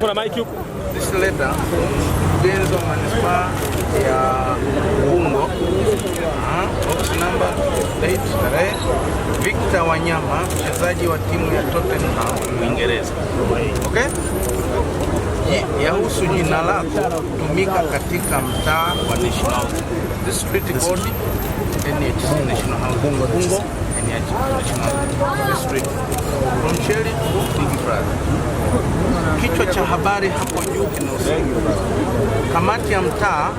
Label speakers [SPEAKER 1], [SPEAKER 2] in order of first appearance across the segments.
[SPEAKER 1] Kuna maiki huko. This letter mjenzi wa manispaa ya Ubungo box number tarehe Victor Wanyama mchezaji wa timu ya Tottenham Uingereza. Okay? Yahusu jina lako kutumika katika mtaa wa National. This street code and National Ubungo and its National. cha habari hapo juu kinahusika kamati ya mtaa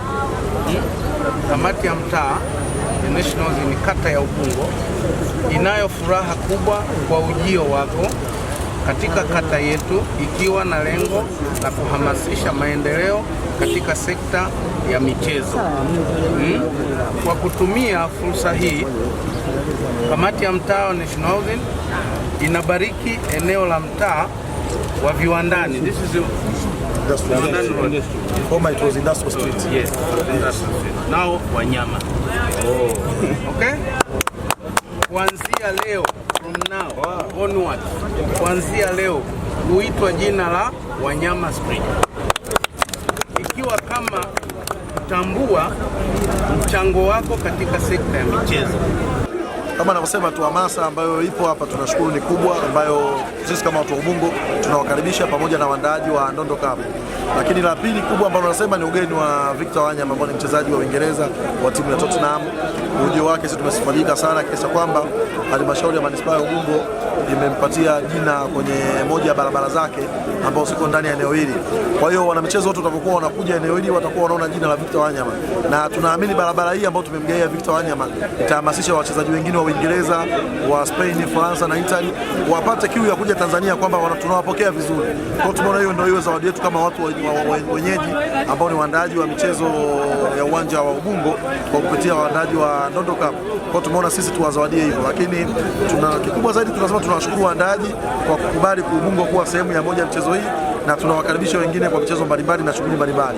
[SPEAKER 1] kamati ya mtaa Nationals ni kata ya Ubungo inayo furaha kubwa kwa ujio wako katika kata yetu ikiwa na lengo la kuhamasisha maendeleo katika sekta ya michezo. Hmm? Kwa kutumia fursa hii kamati ya mtaa Nationals inabariki eneo la mtaa wa viwandani. This is
[SPEAKER 2] industrial street.
[SPEAKER 1] Yes. Now wanyama. Oh. Okay? Kuanzia leo from now onward. Kuanzia leo huitwa jina la Wanyama Street. Ikiwa kama kutambua mchango wako katika sekta ya michezo
[SPEAKER 2] kama anavyosema tu, hamasa ambayo ipo hapa tunashukuru ni kubwa, ambayo sisi kama watu wa Ubungo tunawakaribisha pamoja na waandaaji wa Ndondo Cup. Lakini la pili kubwa ambalo nasema ni ugeni wa Victor Wanya ambaye ni mchezaji wa Uingereza wa timu ya Tottenham. Ujio wake sisi tumesifajika sana kiasi kwamba halmashauri ya manispaa ya Ubungo imempatia jina kwenye moja ya barabara zake ambao siko ndani ya eneo hili. Kwa hiyo wanamichezo wote watakapokuwa wanakuja eneo hili watakuwa wanaona jina la Victor Wanyama, na tunaamini barabara hii ambayo tumemgaia Victor Wanyama itahamasisha wachezaji wengine wa Uingereza, wa Spain, Faransa na Italy wapate kiu ya kuja Tanzania kwamba tunawapokea vizuri. Kwa hiyo tumeona hiyo ndio iwe zawadi yetu kama watu wenyeji ambao ni waandaaji wa michezo ya uwanja wa Ubungo kwa kupitia waandaaji wa Ndondo Cup. Kwa hiyo tumeona sisi tuwazawadie hivyo, lakini tuna kikubwa zaidi tunasema tunawashukuru waandaji kwa kukubali kuubungwa kuwa sehemu ya moja ya michezo hii na tunawakaribisha wengine kwa michezo mbalimbali na shughuli mbalimbali.